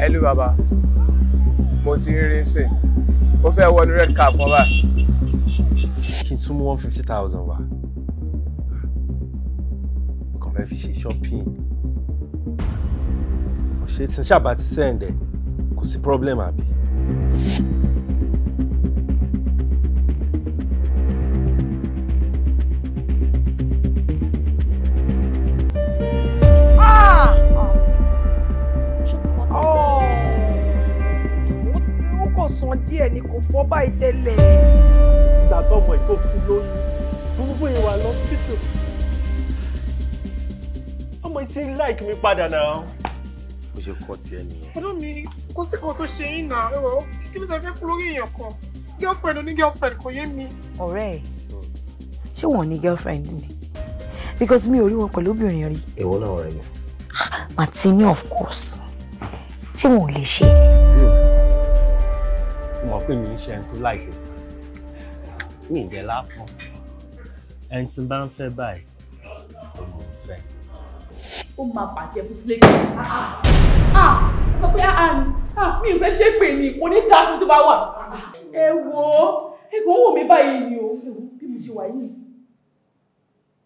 ẹlú Baba. mo ti rí rí sìn ó fẹ́ wọnú red cap wọn báyìí. kí n tún mú one fifty thousand wá mo kàn fẹ́ fi ṣe shopping ọ̀sẹ̀ tí n ṣàbà ti sẹ́ǹdẹ̀ kò sí problem àbí. ọmọ díẹ̀ ni kò fọ́ báyìí tẹ́lẹ̀. ìgbà tó ọmọ ètò fún lóyún gbogbo yẹn wà lọ títù ọmọ tí ń láìkí mi padà náà. bó ṣe kọ tiẹ̀ nìyẹn. ọdún mi kò sí kan tó ṣe yín náà ẹ̀rọ kí ni tẹ̀lé kú èèyàn kan girlfriend oní girlfriend kò yé mi. ọ̀rẹ́ ẹ̀ ṣé wọ́n ní girlfriend ni because mi ò rí wọn pẹ̀lú obìnrin rí. èwo náà rẹ̀ ni. Ah, Martini of course ṣé wọn ò lè ṣe é ni pé mi ń ṣe ẹni tó láìpẹ́ mi ìdẹ lápọn ẹni tí n bá ń fẹ́ báyìí ló mọ̀ ń fẹ́. ó máa bàjẹ́ fún sílé kí ah, ah. ah, sọ pé mi ò fẹ́ ṣe pé ní kò ní dáa fún tó bá wà. ẹ wo ẹ kò ń wò mí báyìí ni o bí mo ṣe wà yìí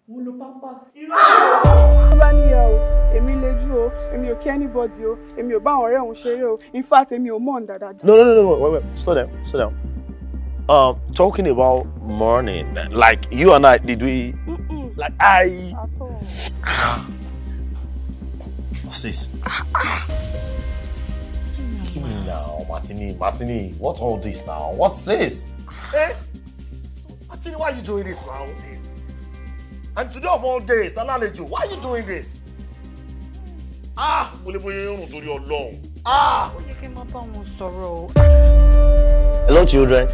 mo lo pampers. irọ́ ló bá o èmi lejú o èmi ò kí anybody o èmi ò bá àwọn ọ̀rẹ́ òun ṣeré o in fact èmi ò mọ̀ ọ́n dáadáa. no no no no wait wait slow down slow down um, talking about morning like you and I did we like I. What's this? Give me now, Martini, Martini. What all this now? What's this? Eh? Martini, why are you doing this now? and today of all days alálejò why are you doing this. ah mo lè bóyá irun torí Ọlọ́run. ah. ó yẹ kí n máa bá wọn sọ̀rọ̀ o. hello children.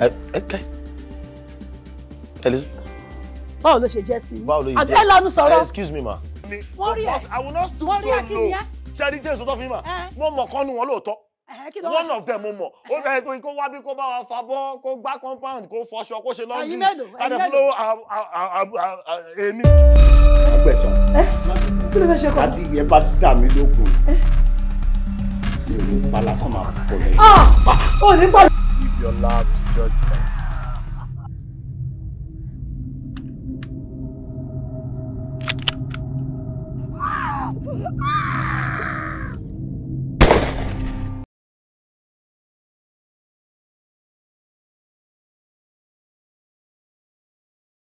ẹ ẹ kẹ́ ẹ lè. báwo ló ṣe jẹ́ sí i. báwo ló ṣe jẹ́ àbí ẹ lọ́nu sọ̀rọ̀. excuse me ma. wọ́n rí ẹ wọ́n rí ẹ kí ni ẹ. ṣé ẹ ní jésù tó fi mà. mo mọ̀ kọ́nu wọn lóòótọ́ one of them mo mọ̀ ó bẹ̀rẹ̀ pé kó wá bí kó wa fa bọ́ kó gbá compound kó fọṣọ kó ṣe lọ́dún ẹ̀yin mélòó ẹ̀yin mélòó èmi. agbẹ̀sán eh? kí ló fẹ́ ṣe kọ́. adìyẹ bá dà mí lókun eh? mi ò ní pa lásán máa fọ ò ah! ah! ní pa. give your love to judge.